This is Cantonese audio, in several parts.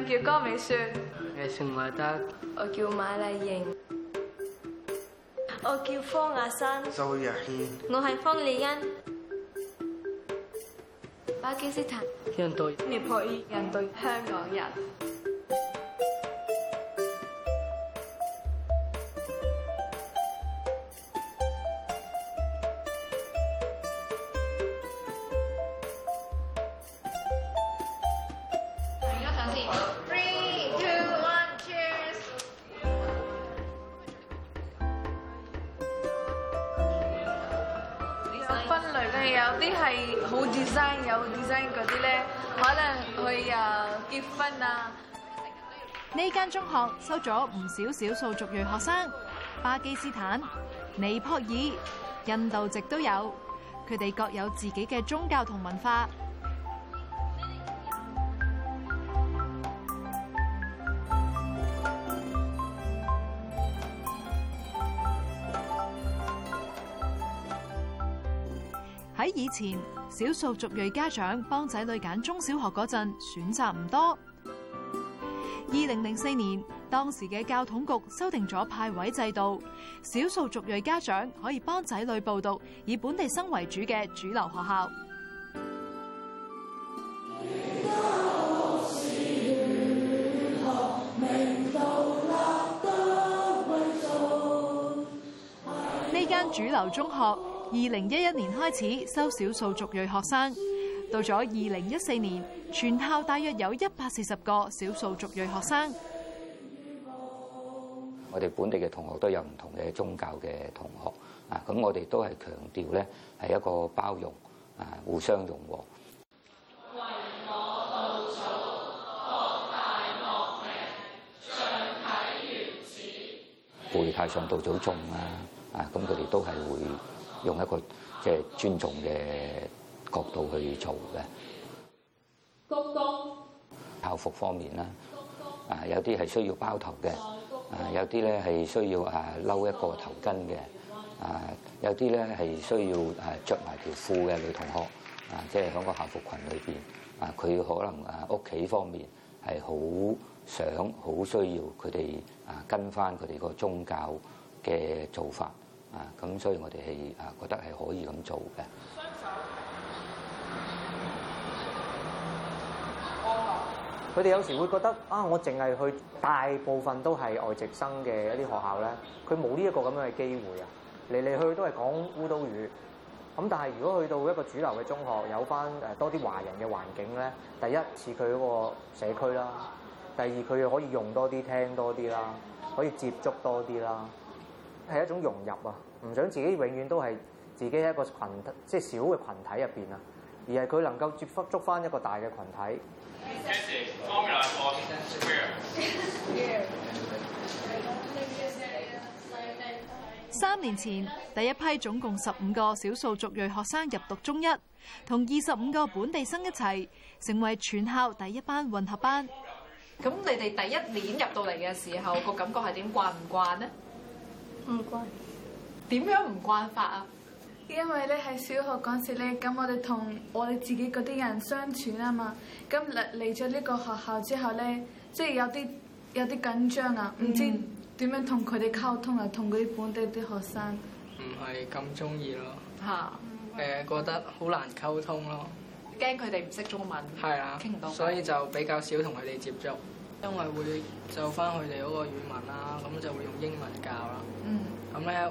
我叫郭美雪，我姓馬德。我叫馬麗瑩，我叫方亞山。蘇亞軒，我係方麗欣。巴基斯坦人、印度、尼泊爾人、印度、香港人。中學收咗唔少少數族裔學生，巴基斯坦、尼泊爾、印度籍都有，佢哋各有自己嘅宗教同文化。喺以前，少數族裔家長幫仔女揀中小學嗰陣，選擇唔多。二零零四年，當時嘅教統局修訂咗派位制度，少數族裔家長可以幫仔女報讀以本地生為主嘅主流學校。呢間主流中學二零一一年開始收少數族裔學生，到咗二零一四年。全校大約有一百四十個少數族裔學生。我哋本地嘅同學都有唔同嘅宗教嘅同學啊，咁我哋都係強調咧係一個包容啊，互相融和。為我道學大完事，背太上道祖宗啊啊，咁佢哋都係會用一個即係、就是、尊重嘅角度去做嘅。校服方面啦，啊有啲係需要包頭嘅，啊有啲咧係需要啊攆一個頭巾嘅，啊有啲咧係需要啊著埋條褲嘅女同學，啊即係喺個校服群裏邊，啊佢可能啊屋企方面係好想好需要佢哋啊跟返佢哋個宗教嘅做法，啊咁所以我哋係啊覺得係可以咁做嘅。佢哋有時會覺得啊，我淨係去大部分都係外籍生嘅一啲學校咧，佢冇呢一個咁樣嘅機會啊，嚟嚟去去都係講烏都語。咁但係如果去到一個主流嘅中學，有翻誒多啲華人嘅環境咧，第一次佢嗰個社區啦，第二佢可以用多啲聽多啲啦，可以接觸多啲啦，係一種融入啊，唔想自己永遠都係自己喺一個羣即係小嘅群體入邊啊。而係佢能夠接觸翻一個大嘅群體。三年前第一批總共十五個少數族裔學生入讀中一，同二十五個本地生一齊，成為全校第一班混合班。咁你哋第一年入到嚟嘅時候，個感覺係點？慣唔慣呢？唔慣習。點樣唔慣法啊？因為咧喺小學嗰時咧，咁我哋同我哋自己嗰啲人相處啊嘛，咁嚟嚟咗呢個學校之後咧，即係有啲有啲緊張啊，嗯、唔知點樣同佢哋溝通啊，同嗰啲本地啲學生。唔係咁中意咯，吓，誒覺得好難溝通咯，驚佢哋唔識中文，係啊，傾唔到，所以就比較少同佢哋接觸。因為會就翻佢哋嗰個語文啦，咁就會用英文教啦，嗯、咁咧。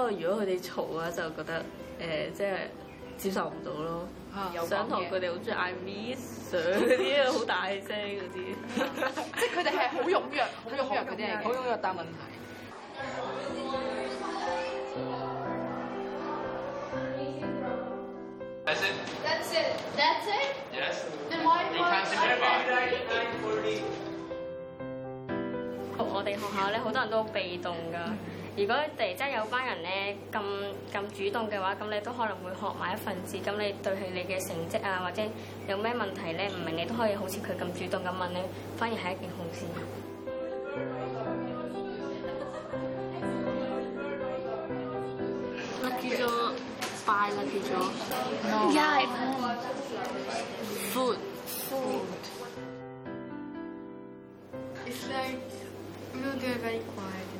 不過如果佢哋嘈嘅話，就覺得誒即係接受唔到咯。想同佢哋好中意嗌 miss 嗰啲，好大聲嗰啲，即係佢哋係好踴躍，好踴躍嗰啲嚟好踴躍但問題。That's it. Yes. 我哋學校咧好多人都好被動㗎。如果突然之間有班人咧，咁咁主動嘅話，咁你都可能會學埋一份字。咁你對起你嘅成績啊，或者有咩問題咧，唔明你都可以好似佢咁主動咁問你，反而係一件好事。Let you go, bye, let you go. Yeah. Food, food. It's like we'll very quiet.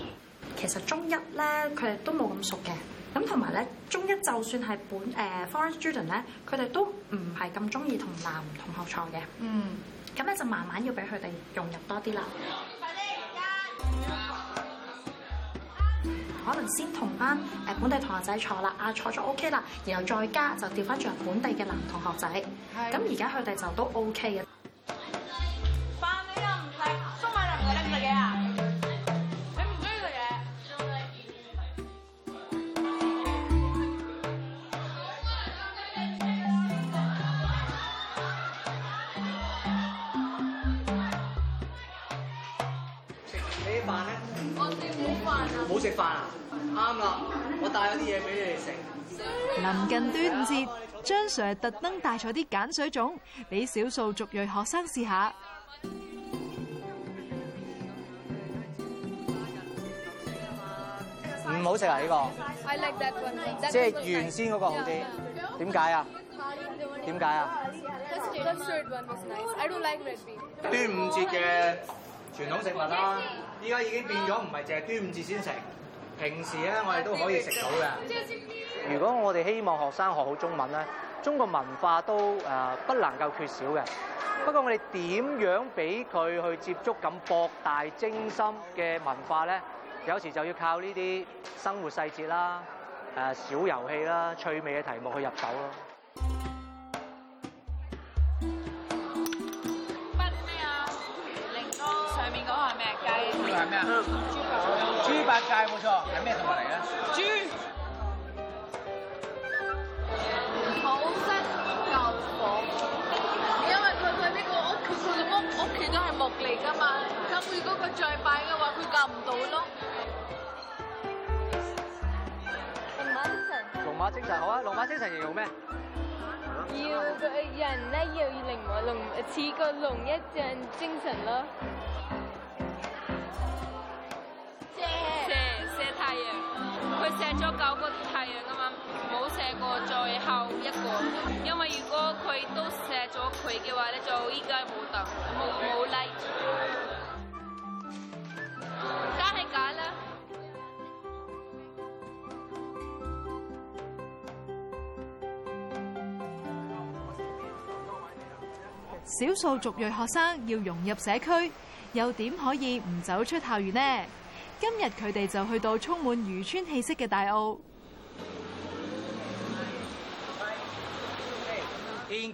其實中一咧，佢哋都冇咁熟嘅。咁同埋咧，中一就算係本誒 Foreign Student 咧，佢、呃、哋都唔係咁中意同男同學坐嘅。嗯。咁咧、嗯、就慢慢要俾佢哋融入多啲啦。快啲加！啊啊啊、可能先同翻誒本地同學仔坐啦，啊坐咗 OK 啦，然後再加上就調翻轉本地嘅男同學仔。咁而家佢哋就都 OK 嘅。臨近端午節，張 Sir 特登帶咗啲鹼水粽俾少數族裔學生試下。唔好食啊呢個！即係原先嗰個好啲，點解啊？點解啊？Nice. Like、端午節嘅傳統食物啦，依家已經變咗，唔係淨係端午節先食，平時咧我哋都可以食到㗎。如果我哋希望學生學好中文咧，中國文化都誒不能夠缺少嘅。不過我哋點樣俾佢去接觸咁博大精深嘅文化咧？有時就要靠呢啲生活細節啦、誒小遊戲啦、趣味嘅題目去入手咯。乜咩啊？上面嗰個係咩？八戒係咩啊？豬八戒，冇錯。係咩動物嚟嘅？再快嘅話，佢救唔到咯。龍馬精神。龍馬精神好啊！龍馬精神形容咩？要個人咧，要靈活龍，似個龍一樣精神咯。射。射射太陽，佢射咗九個太陽啊嘛，冇射過最後一個，因為如果佢都射咗佢嘅話咧，就依家冇得冇冇拉。少數族裔學生要融入社區，又點可以唔走出校園呢？今日佢哋就去到充滿漁村氣息嘅大澳。Hi. Hi. Hey. In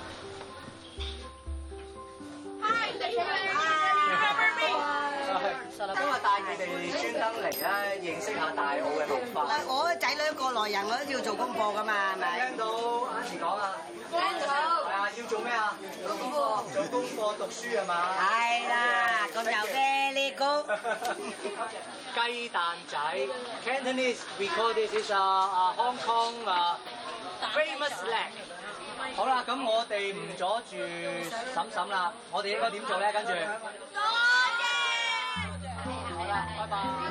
嚟咧，認識下大澳嘅文化。我仔女過來人，我都要做功課㗎嘛，係咪？聽到阿怡講啊？聽到。係啊，要做咩啊？做功課。做功課讀書係嘛？係啦，咁就 very good。雞蛋仔，Cantonese we call this a a Hong Kong a famous legend。好啦，咁我哋唔阻住嬸嬸啦，我哋應該點做咧？跟住多謝。好啦，拜拜。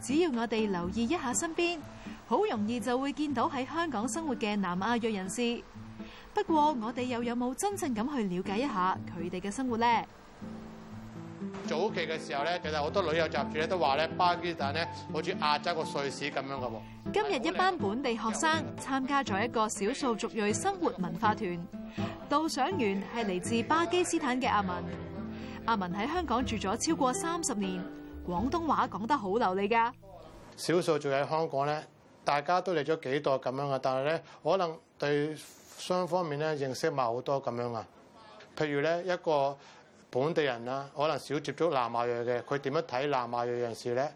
只要我哋留意一下身邊，好容易就會見到喺香港生活嘅南亞裔人士。不過我哋又有冇真正咁去了解一下佢哋嘅生活咧？早期嘅時候咧，其實好多旅遊雜誌咧都話咧，巴基斯坦咧好似亞洲個瑞士咁樣嘅。今日一班本地學生參加咗一個少數族裔生活文化團，導賞員係嚟自巴基斯坦嘅阿文。阿文喺香港住咗超過三十年。廣東話講得好流利㗎。少數住喺香港咧，大家都嚟咗幾代咁樣啊，但係咧，可能對雙方面咧認識唔係好多咁樣啊。譬如咧，一個本地人啊，可能少接觸南亞裔嘅，佢點樣睇南亞裔人士咧？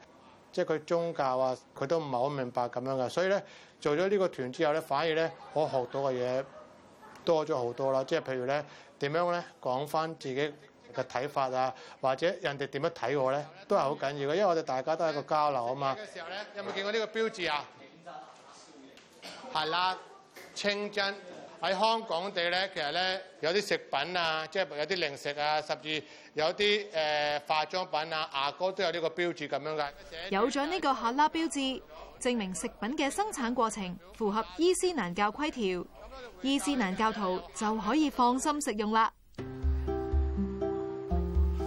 即係佢宗教啊，佢都唔係好明白咁樣嘅。所以咧，做咗呢個團之後咧，反而咧，我學到嘅嘢多咗好多啦。即係譬如咧，點樣咧，講翻自己嘅睇法啊，或者人哋點樣睇我咧，都係好緊要嘅，因為我哋大家都係一個交流啊嘛。嘅時候咧，有冇見過呢個標誌啊？係啦，清真。喺香港地咧，其實咧有啲食品啊，即係有啲零食啊，甚至有啲誒、呃、化妝品啊、牙膏都有呢個標誌咁樣嘅。有咗呢個哈拉標誌，證明食品嘅生產過程符合伊斯蘭教規條，伊斯蘭教徒就可以放心食用啦。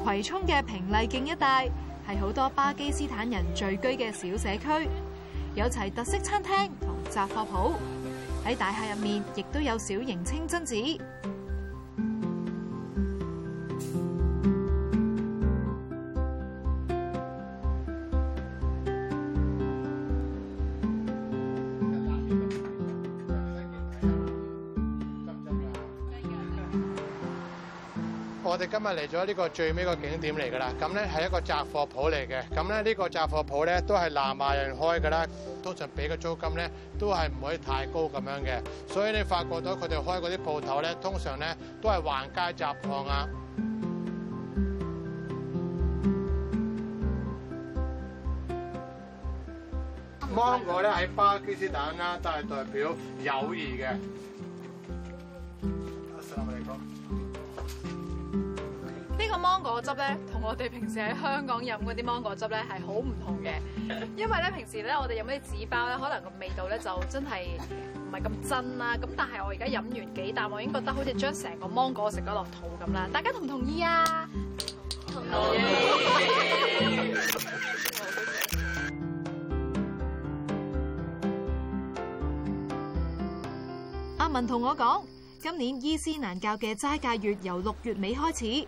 葵涌嘅平麗徑一帶係好多巴基斯坦人聚居嘅小社區，有齊特色餐廳同雜貨鋪。喺大廈入面，亦都有小型清真寺。今日嚟咗呢個最尾個景點嚟㗎啦，咁咧係一個雜貨鋪嚟嘅，咁咧呢個雜貨鋪咧都係南亞人開㗎啦，通常俾嘅租金咧都係唔可以太高咁樣嘅，所以你發覺到佢哋開嗰啲鋪頭咧，通常咧都係橫街雜貨啊。芒果咧喺巴基斯坦啦，都係代表友誼嘅。阿 Sir，我哋講。呢個芒果汁咧，同我哋平時喺香港飲嗰啲芒果汁咧係好唔同嘅，因為咧平時咧我哋飲啲紙包咧，可能個味道咧就真係唔係咁真啦。咁但係我而家飲完幾啖，我已經覺得好似將成個芒果食咗落肚咁啦。大家同唔同意啊？阿文同我講，今年伊斯蘭教嘅齋戒月由六月尾開始。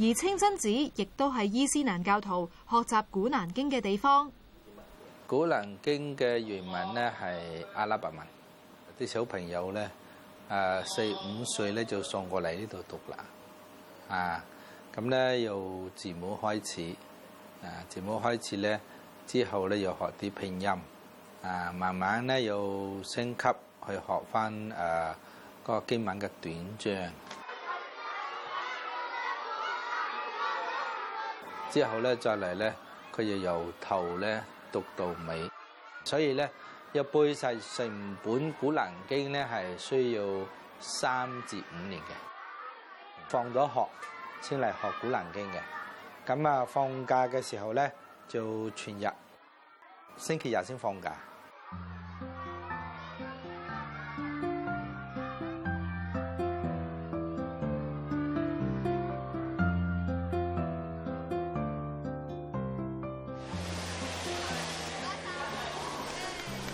而清真寺亦都係伊斯蘭教徒學習古蘭經嘅地方。古蘭經嘅原文咧係阿拉伯文，啲小朋友咧，誒四五歲咧就送過嚟呢度讀啦，啊，咁咧由字母開始，啊字母開始咧，之後咧又學啲拼音，啊慢慢咧又升級去學返誒嗰個經文嘅短章。之後咧，再嚟咧，佢就由頭咧讀到尾，所以咧，要背晒成本《古蘭經》咧，係需要三至五年嘅。放咗學先嚟學《古蘭經》嘅，咁啊放假嘅時候咧就全日，星期日先放假。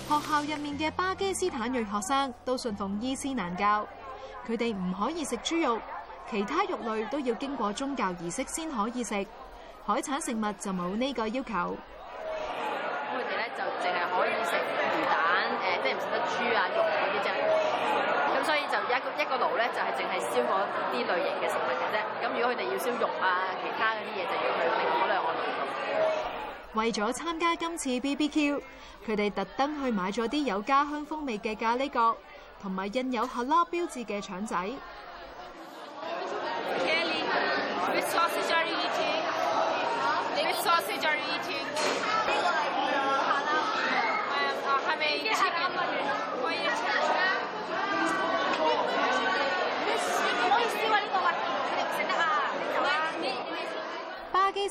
學校入面嘅巴基斯坦裔學生都信奉伊斯蘭教，佢哋唔可以食豬肉，其他肉類都要經過宗教儀式先可以食，海產食物就冇呢個要求。咁佢哋咧就淨係可以食魚蛋，誒、呃，即係唔食得豬啊肉啲啫。咁所以就一個一個爐咧就係淨係燒嗰啲類型嘅食物嘅啫。咁如果佢哋要燒肉啊，其他啲嘢就要去另。可能為咗參加今次 BBQ，佢哋特登去買咗啲有家鄉風味嘅咖喱角，同埋印有 Hello 標誌嘅腸仔。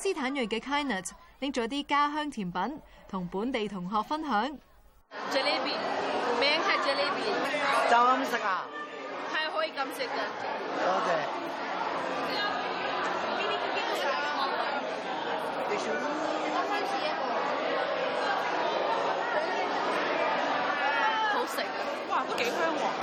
斯坦裔嘅 Kinet 拎咗啲家鄉甜品同本地同學分享。就咁食啊？係可以咁食噶。多謝的。吃好食。啊！哇，都幾香喎！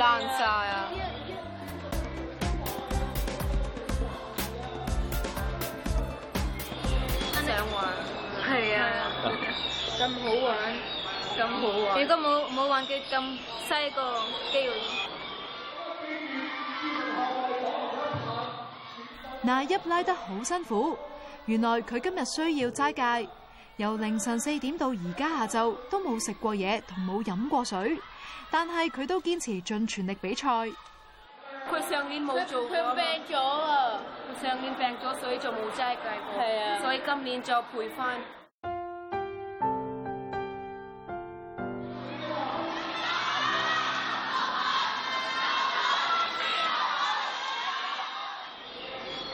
爛晒啊，真想玩，係啊，咁好玩，咁好玩。如果冇冇玩嘅咁細個機會嗱，一拉得好辛苦。原來佢今日需要齋戒，由凌晨四點到而家下晝都冇食過嘢，同冇飲過水。但係佢都堅持盡全力比賽他沒他。佢上年冇做，佢病咗啊！佢上年病咗，所以就冇齋戒。係啊，所以今年就賠翻。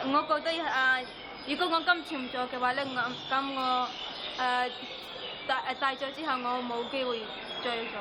我覺得啊，如果我今次唔做嘅話咧，咁咁我誒、呃、大大咗之後，我冇機會再做。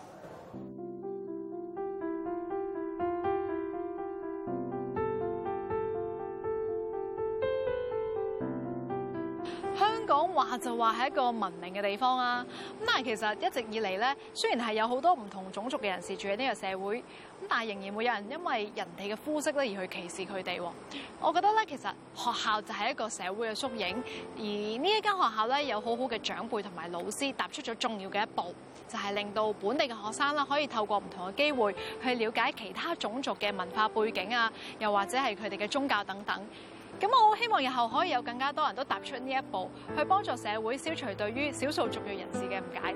香港話就話係一個文明嘅地方啊！咁但係其實一直以嚟咧，雖然係有好多唔同種族嘅人士住喺呢個社會，咁但係仍然會有人因為人哋嘅膚色咧而去歧視佢哋。我覺得咧，其實學校就係一個社會嘅縮影，而呢一間學校咧有好好嘅長輩同埋老師踏出咗重要嘅一步，就係令到本地嘅學生啦可以透過唔同嘅機會去了解其他種族嘅文化背景啊，又或者係佢哋嘅宗教等等。咁我希望，日後可以有更加多人都踏出呢一步，去幫助社會消除對於少數族裔人士嘅誤解。